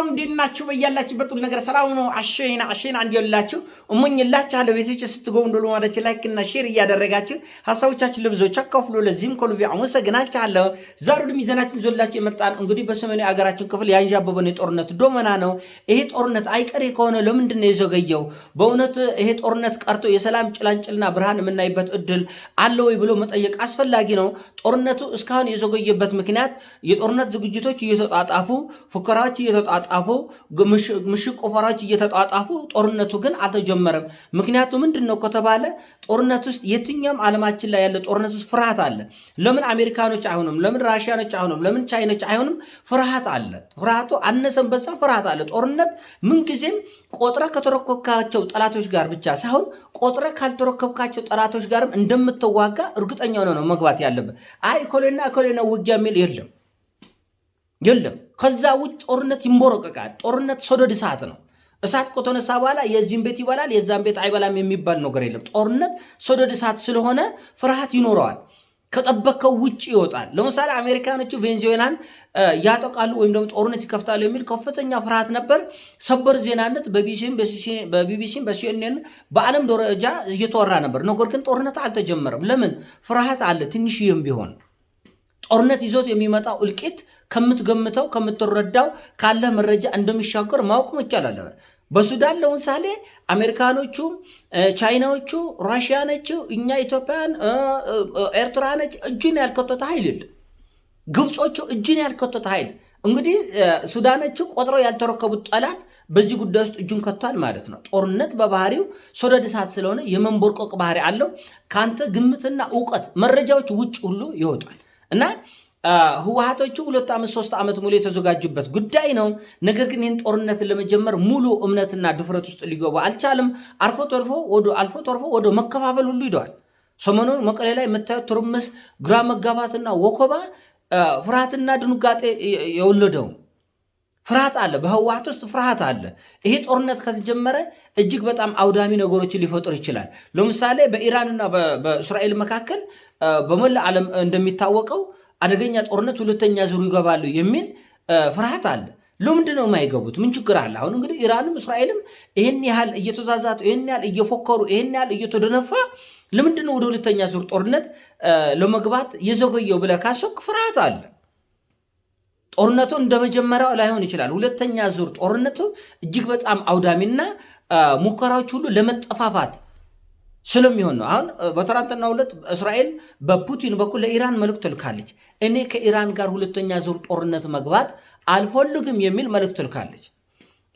ሰላም እንዲናችሁ በያላችሁበት ሁሉ ነገር ሰላም ነው። አሸና አሸና እንዲላችሁ እመኝላችኋለሁ። ቤቶች ስትገቡ እንደሉ ማለች ላይክ እና ሼር እያደረጋችሁ ሀሳቦቻችሁ ለብዙዎች አካፍሉ። ለዚህም ከልብ አመሰግናችኋለሁ። ዛሬ ደግሞ ይዘናችሁ ዞላችሁ የመጣን እንግዲህ በሰሜኑ የሀገራችን ክፍል ያንዣበበን የጦርነት ዶመና ነው። ይሄ ጦርነት አይቀሬ ከሆነ ለምንድን ነው የዘገየው? በእውነት ይሄ ጦርነት ቀርቶ የሰላም ጭላንጭልና ብርሃን የምናይበት እድል አለ ወይ ብሎ መጠየቅ አስፈላጊ ነው። ጦርነቱ እስካሁን የዘገየበት ምክንያት የጦርነት ዝግጅቶች እየተጣጣፉ ፉከራዎች እየተጣጣፉ እየተጧጣፉ ምሽግ ቆፈራዎች እየተጧጣፉ ጦርነቱ ግን አልተጀመረም። ምክንያቱ ምንድን ነው ከተባለ ጦርነት ውስጥ የትኛውም ዓለማችን ላይ ያለ ጦርነት ውስጥ ፍርሃት አለ። ለምን አሜሪካኖች አይሆንም? ለምን ራሽያኖች አይሆንም? ለምን ቻይኖች አይሆንም? ፍርሃት አለ። ፍርሃቱ አነሰን በዛ ፍርሃት አለ። ጦርነት ምንጊዜም ቆጥረ ከተረከብካቸው ጠላቶች ጋር ብቻ ሳይሆን ቆጥረ ካልተረከብካቸው ጠላቶች ጋርም እንደምትዋጋ እርግጠኛ ሆነ ነው መግባት ያለብን። አይ ኮሌና ኮሌና ውጊያ የሚል የለም። የለም። ከዛ ውጭ ጦርነት ይንቦረቀቃል። ጦርነት ሰደድ እሳት ነው። እሳት ከተነሳ በኋላ የዚህም ቤት ይበላል የዛም ቤት አይበላም የሚባል ነገር የለም። ጦርነት ሰደድ እሳት ስለሆነ ፍርሃት ይኖረዋል። ከጠበቀው ውጭ ይወጣል። ለምሳሌ አሜሪካኖቹ ቬንዙዌላን ያጠቃሉ ወይም ደግሞ ጦርነት ይከፍታሉ የሚል ከፍተኛ ፍርሃት ነበር። ሰበር ዜናነት በቢቢሲም በሲኤንኤን በዓለም ደረጃ እየተወራ ነበር። ነገር ግን ጦርነት አልተጀመረም። ለምን? ፍርሃት አለ ትንሽዬም ቢሆን ጦርነት ይዞት የሚመጣው እልቂት ከምትገምተው ከምትረዳው ካለ መረጃ እንደሚሻገር ማወቅ መቻል በሱዳን ለምሳሌ አሜሪካኖቹ፣ ቻይናዎቹ፣ ራሽያ ነች፣ እኛ ኢትዮጵያን፣ ኤርትራ ነች። እጅን ያልከተተ ኃይል የለም። ግብጾቹ እጅን ያልከተተ ኃይል እንግዲህ ሱዳኖቹ ቆጥረው ያልተረከቡት ጠላት በዚህ ጉዳይ ውስጥ እጁን ከቷል ማለት ነው። ጦርነት በባህሪው ሰደድ እሳት ስለሆነ የመንቦርቆቅ ባህሪ አለው። ከአንተ ግምትና እውቀት መረጃዎች ውጭ ሁሉ ይወጣል እና ህወሀቶቹ ሁለት ዓመት ሶስት ዓመት ሙሉ የተዘጋጁበት ጉዳይ ነው። ነገር ግን ይህን ጦርነት ለመጀመር ሙሉ እምነትና ድፍረት ውስጥ ሊገቡ አልቻለም። አልፎ ተርፎ ወደ አልፎ ተርፎ ወደ መከፋፈል ሁሉ ይደዋል። ሰሞኑን መቀሌ ላይ የምታዩት ትርምስ፣ ግራ መጋባትና ወከባ ፍርሃትና ድንጋጤ የወለደው ፍርሃት አለ። በህወሀት ውስጥ ፍርሃት አለ። ይሄ ጦርነት ከተጀመረ እጅግ በጣም አውዳሚ ነገሮችን ሊፈጥር ይችላል። ለምሳሌ በኢራንና በእስራኤል መካከል በመላ ዓለም እንደሚታወቀው አደገኛ ጦርነት ሁለተኛ ዙር ይገባሉ የሚል ፍርሃት አለ። ለምንድን ነው የማይገቡት? ምን ችግር አለ? አሁን እንግዲህ ኢራንም እስራኤልም ይህን ያህል እየተዛዛቱ፣ ይህን ያህል እየፎከሩ፣ ይህን ያህል እየተደነፋ ለምንድን ነው ወደ ሁለተኛ ዙር ጦርነት ለመግባት የዘገየው ብለህ ካሰብክ ፍርሃት አለ። ጦርነቱ እንደ መጀመሪያው ላይሆን ይችላል። ሁለተኛ ዙር ጦርነቱ እጅግ በጣም አውዳሚና ሙከራዎች ሁሉ ለመጠፋፋት ስለሚሆን ነው። አሁን በትናንትናው ዕለት እስራኤል በፑቲን በኩል ለኢራን መልእክት ልካለች። እኔ ከኢራን ጋር ሁለተኛ ዙር ጦርነት መግባት አልፈልግም የሚል መልእክት ልካለች።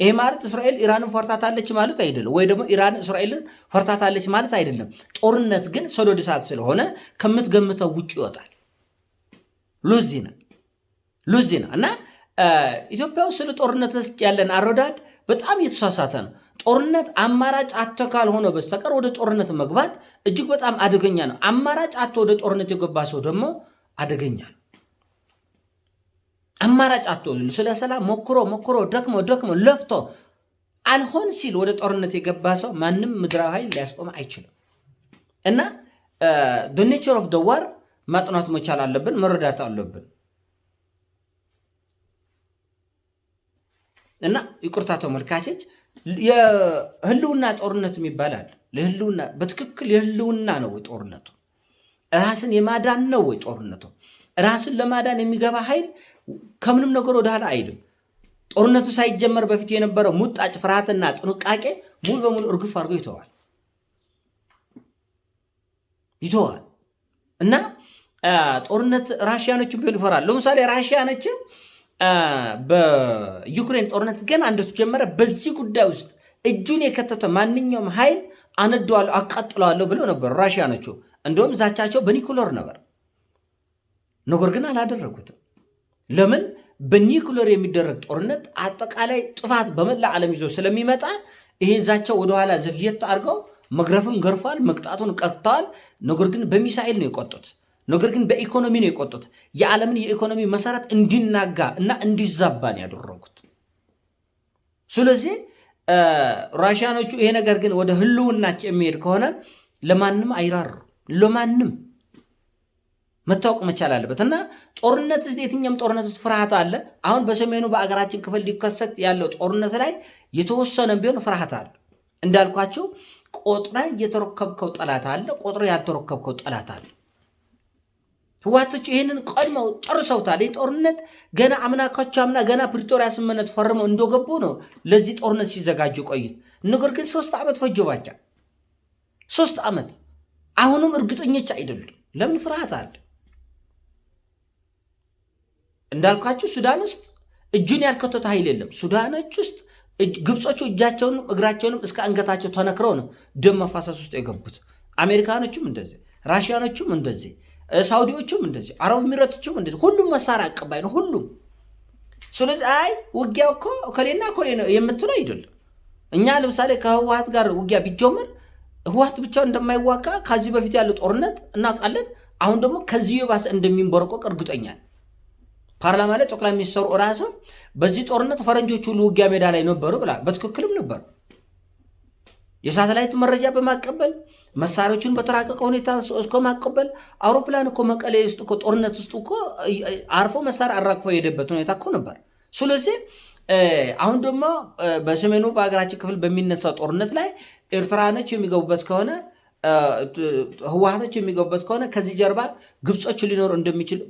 ይሄ ማለት እስራኤል ኢራንን ፈርታታለች ማለት አይደለም፣ ወይ ደግሞ ኢራን እስራኤልን ፈርታታለች ማለት አይደለም። ጦርነት ግን ሰዶድ እሳት ስለሆነ ከምትገምተው ውጭ ይወጣል። ሉዚና ሉዚና እና ኢትዮጵያ ውስጥ ስለ ጦርነት ያለን አረዳድ በጣም እየተሳሳተ ነው። ጦርነት አማራጭ አቶ ካልሆነ በስተቀር ወደ ጦርነት መግባት እጅግ በጣም አደገኛ ነው። አማራጭ አቶ ወደ ጦርነት የገባ ሰው ደግሞ አደገኛ ነው። አማራጭ አቶ ስለ ሰላም ሞክሮ ሞክሮ ደክሞ ደክሞ ለፍቶ አልሆን ሲል ወደ ጦርነት የገባ ሰው ማንም ምድራዊ ኃይል ሊያስቆም አይችልም። እና ኔቸር ኦፍ ደዋር ማጥናት መቻል አለብን፣ መረዳት አለብን። እና ይቅርታ ተመልካቾች የህልውና ጦርነት የሚባል አለ። ለህልውና በትክክል የህልውና ነው ወይ ጦርነቱ? ራስን የማዳን ነው ወይ ጦርነቱ? ራስን ለማዳን የሚገባ ኃይል ከምንም ነገር ወደኋላ አይልም። ጦርነቱ ሳይጀመር በፊት የነበረው ሙጣጭ ፍርሃትና ጥንቃቄ ሙሉ በሙሉ እርግፍ አድርጎ ይተዋል ይተዋል እና ጦርነት ራሽያኖችን ቢሆን ይፈራል። ለምሳሌ ራሽያኖችን በዩክሬን ጦርነት ገና እንደተጀመረ በዚህ ጉዳይ ውስጥ እጁን የከተተ ማንኛውም ኃይል አነደዋለሁ፣ አቃጥለዋለሁ ብለው ነበር ራሽያኖቹ። እንደውም ዛቻቸው በኒኩለር ነበር። ነገር ግን አላደረጉትም። ለምን? በኒኩለር የሚደረግ ጦርነት አጠቃላይ ጥፋት በመላ ዓለም ይዞ ስለሚመጣ ይህን ዛቻው ወደኋላ ዘግየት አድርገው መግረፍም ገርፏል፣ መቅጣቱን ቀጥተዋል። ነገር ግን በሚሳኤል ነው የቆጡት። ነገር ግን በኢኮኖሚ ነው የቆጡት። የዓለምን የኢኮኖሚ መሰረት እንዲናጋ እና እንዲዛባ ነው ያደረጉት። ስለዚህ ራሽያኖቹ ይሄ ነገር ግን ወደ ህልውናቸው የሚሄድ ከሆነ ለማንም አይራሩ፣ ለማንም መታወቅ መቻል አለበት እና ጦርነት ስ የትኛም ጦርነት ውስጥ ፍርሃት አለ። አሁን በሰሜኑ በአገራችን ክፍል ሊከሰት ያለው ጦርነት ላይ የተወሰነ ቢሆን ፍርሃት አለ። እንዳልኳቸው ቆጥረ የተረከብከው ጠላት አለ፣ ቆጥረ ያልተረከብከው ጠላት አለ። ህዋቶች ይህንን ቀድመው ጨርሰውታል። ይህ ጦርነት ገና አምና ካቻ አምና ገና ፕሪቶሪያ ስምምነት ፈርመው እንደገቡ ነው ለዚህ ጦርነት ሲዘጋጁ ቆዩት። ነገር ግን ሶስት ዓመት ፈጀባቸው። ሶስት ዓመት አሁንም እርግጠኞች አይደሉም። ለምን ፍርሃት አለ። እንዳልኳችሁ ሱዳን ውስጥ እጁን ያልከተተ ኃይል የለም። ሱዳኖች ውስጥ ግብጾቹ እጃቸውንም እግራቸውንም እስከ አንገታቸው ተነክረው ነው ደም መፋሰስ ውስጥ የገቡት። አሜሪካኖቹም እንደዚህ፣ ራሽያኖቹም እንደዚህ ሳውዲዎቹም እንደዚህ፣ አረብ ኤሚሬቶችም እንደዚህ። ሁሉም መሳሪያ አቀባይ ነው ሁሉም። ስለዚህ አይ ውጊያ እኮ እከሌና እከሌ ነው የምትሉ አይደለም። እኛ ለምሳሌ ከህወሀት ጋር ውጊያ ቢጀምር ህወሀት ብቻ እንደማይዋጋ ከዚህ በፊት ያለው ጦርነት እናውቃለን። አሁን ደግሞ ከዚህ የባሰ እንደሚንበረቆቅ እርግጠኛ ፓርላማ ላይ ጠቅላይ ሚኒስትሩ ራስም በዚህ ጦርነት ፈረንጆች ሁሉ ውጊያ ሜዳ ላይ ነበሩ ብላ በትክክልም ነበሩ። የሳተላይት መረጃ በማቀበል መሳሪያዎቹን በተራቀቀ ሁኔታ እስኮ ማቀበል አውሮፕላን እኮ መቀሌ ውስጥ እኮ ጦርነት ውስጥ እኮ አርፎ መሳሪያ አራግፎ የሄደበት ሁኔታ እኮ ነበር። ስለዚህ አሁን ደግሞ በሰሜኑ በሀገራችን ክፍል በሚነሳው ጦርነት ላይ ኤርትራኖች የሚገቡበት ከሆነ ህወሀቶች የሚገቡበት ከሆነ ከዚህ ጀርባ ግብጾች ሊኖሩ እንደሚችል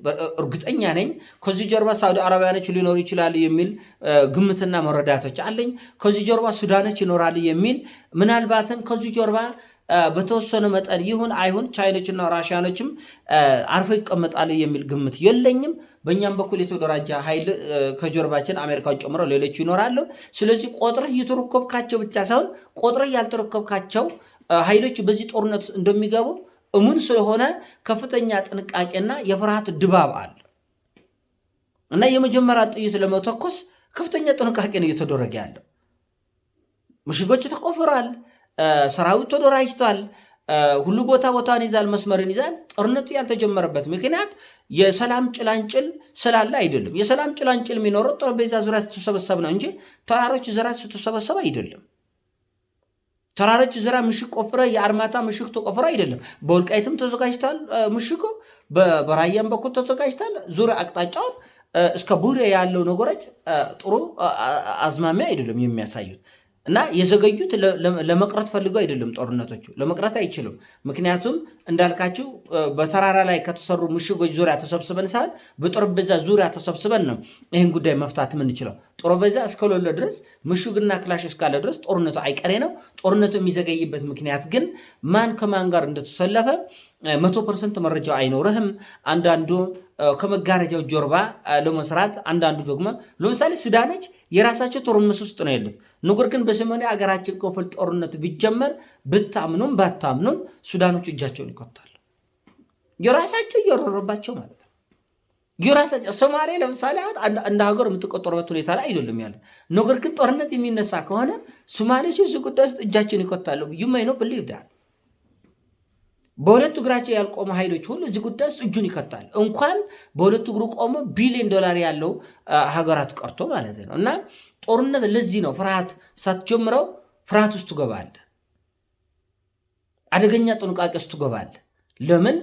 እርግጠኛ ነኝ። ከዚህ ጀርባ ሳውዲ አረቢያኖች ሊኖሩ ይችላሉ የሚል ግምትና መረዳቶች አለኝ። ከዚህ ጀርባ ሱዳኖች ይኖራሉ የሚል ምናልባትም ከዚህ ጀርባ በተወሰነ መጠን ይሁን አይሁን ቻይኖችና ራሽያኖችም አርፎ ይቀመጣሉ የሚል ግምት የለኝም። በእኛም በኩል የተደራጀ ኃይል ከጀርባችን አሜሪካን ጨምሮ ሌሎች ይኖራሉ። ስለዚህ ቆጥረህ እየተረከብካቸው ብቻ ሳይሆን ቆጥረህ ያልተረከብካቸው ኃይሎች በዚህ ጦርነት እንደሚገቡ እሙን ስለሆነ ከፍተኛ ጥንቃቄና የፍርሃት ድባብ አለ እና የመጀመሪያ ጥይት ለመተኮስ ከፍተኛ ጥንቃቄ ነው እየተደረገ ያለው። ምሽጎች ተቆፍሯል። ሰራዊት ተደራጅቷል። ሁሉ ቦታ ቦታን ይዛል፣ መስመርን ይዛል። ጦርነቱ ያልተጀመረበት ምክንያት የሰላም ጭላንጭል ስላለ አይደለም። የሰላም ጭላንጭል የሚኖረው ጠረጴዛ ዙሪያ ስትሰበሰብ ነው እንጂ ተራሮች ዙሪያ ስትሰበሰብ አይደለም። ተራሮች ዙሪያ ምሽግ ቆፍረ የአርማታ ምሽግ ተቆፍረ አይደለም። በወልቃይትም ተዘጋጅቷል ምሽጉ፣ በራያም በኩል ተዘጋጅቷል። ዙሪያ አቅጣጫውን እስከ ቡሬ ያለው ነገሮች ጥሩ አዝማሚያ አይደለም የሚያሳዩት። እና የዘገዩት ለመቅረት ፈልገው አይደለም። ጦርነቶቹ ለመቅረት አይችሉም። ምክንያቱም እንዳልካችው በተራራ ላይ ከተሰሩ ምሽጎች ዙሪያ ተሰብስበን ሳይሆን በጠረጴዛ ዙሪያ ተሰብስበን ነው ይህን ጉዳይ መፍታት የምንችለው። ጠረጴዛ እስከሌለ ድረስ ምሽግና ክላሽ እስካለ ድረስ ጦርነቱ አይቀሬ ነው። ጦርነቱ የሚዘገይበት ምክንያት ግን ማን ከማን ጋር እንደተሰለፈ መቶ ፐርሰንት መረጃው አይኖርህም። አንዳንዱ ከመጋረጃው ጀርባ ለመስራት አንዳንዱ ደግሞ ለምሳሌ ሱዳኖች የራሳቸው ጦርነት ውስጥ ነው ያሉት። ነገር ግን በሰሜኑ የሀገራችን ክፍል ጦርነት ቢጀመር ብታምኑም ባታምኑም ሱዳኖች እጃቸውን ይከታሉ። የራሳቸው እየሮረባቸው ማለት ነው። የራሳቸው ሶማሌ ለምሳሌ እንደ ሀገር የምትቆጠሩበት ሁኔታ ላይ አይደለም ያለ። ነገር ግን ጦርነት የሚነሳ ከሆነ ሶማሌዎች እዚህ ጉዳይ ውስጥ እጃቸውን ይከታሉ። ዩማይ ነው ብልይዳል በሁለቱ እግራቸው ያልቆመ ኃይሎች ሁሉ እዚህ ጉዳይ ውስጥ እጁን ይከታል። እንኳን በሁለቱ እግሩ ቆመ ቢሊዮን ዶላር ያለው ሀገራት ቀርቶ ማለት ነው። እና ጦርነት ለዚህ ነው ፍርሃት ሳትጀምረው ፍርሃት ውስጥ ትገባለ፣ አደገኛ ጥንቃቄ ውስጥ ትገባለ። ለምን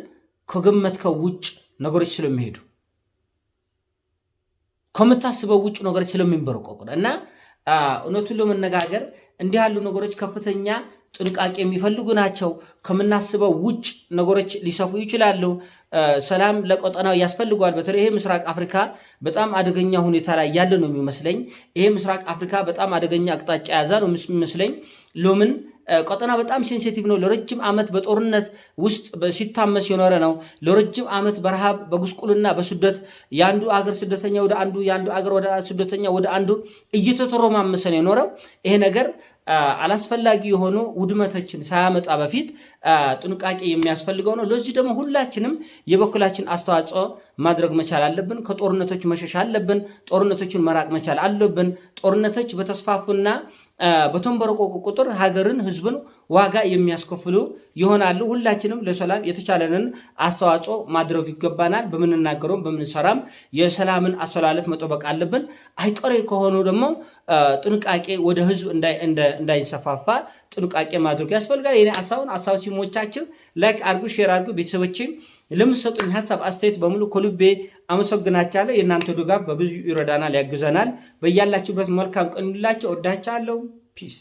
ከገመትከው ውጭ ነገሮች ስለሚሄዱ ከምታስበው ውጭ ነገሮች ስለሚንበረቀቁ እና እውነቱን ለመነጋገር እንዲህ ያሉ ነገሮች ከፍተኛ ጥንቃቄ የሚፈልጉ ናቸው። ከምናስበው ውጭ ነገሮች ሊሰፉ ይችላሉ። ሰላም ለቀጠናው ያስፈልገዋል። በተለይ ይሄ ምስራቅ አፍሪካ በጣም አደገኛ ሁኔታ ላይ ያለ ነው የሚመስለኝ። ይሄ ምስራቅ አፍሪካ በጣም አደገኛ አቅጣጫ ያዛ ነው የሚመስለኝ። ሎምን ቀጠና በጣም ሴንሲቲቭ ነው። ለረጅም ዓመት በጦርነት ውስጥ ሲታመስ የኖረ ነው። ለረጅም ዓመት በረሃብ በጉስቁልና በስደት የአንዱ አገር ስደተኛ ወደ አንዱ የአንዱ አገር ስደተኛ ወደ አንዱ እየተተረማመሰ ነው የኖረው ይሄ ነገር አላስፈላጊ የሆኑ ውድመቶችን ሳያመጣ በፊት ጥንቃቄ የሚያስፈልገው ነው። ለዚህ ደግሞ ሁላችንም የበኩላችን አስተዋጽኦ ማድረግ መቻል አለብን። ከጦርነቶች መሸሽ አለብን። ጦርነቶችን መራቅ መቻል አለብን። ጦርነቶች በተስፋፉና በተንበረቆቁ ቁጥር ሀገርን፣ ህዝብን ዋጋ የሚያስከፍሉ ይሆናሉ። ሁላችንም ለሰላም የተቻለንን አስተዋጽኦ ማድረግ ይገባናል። በምንናገረውም በምንሰራም የሰላምን አሰላለፍ መጠበቅ አለብን። አይቀሬ ከሆኑ ደግሞ ጥንቃቄ ወደ ህዝብ እንዳይሰፋፋ ጥንቃቄ ማድረግ ያስፈልጋል። የኔ ሀሳቡን ሀሳብ ሲሞቻችን ላይክ አርጉ፣ ሼር አርጉ ቤተሰቦችም ለምትሰጡኝ ሀሳብ አስተያየት በሙሉ ከልቤ አመሰግናችኋለሁ። የእናንተ ድጋፍ በብዙ ይረዳናል፣ ያግዘናል። በያላችሁበት መልካም ቀን ይሁንላችሁ። ወዳችኋለሁ። ፒስ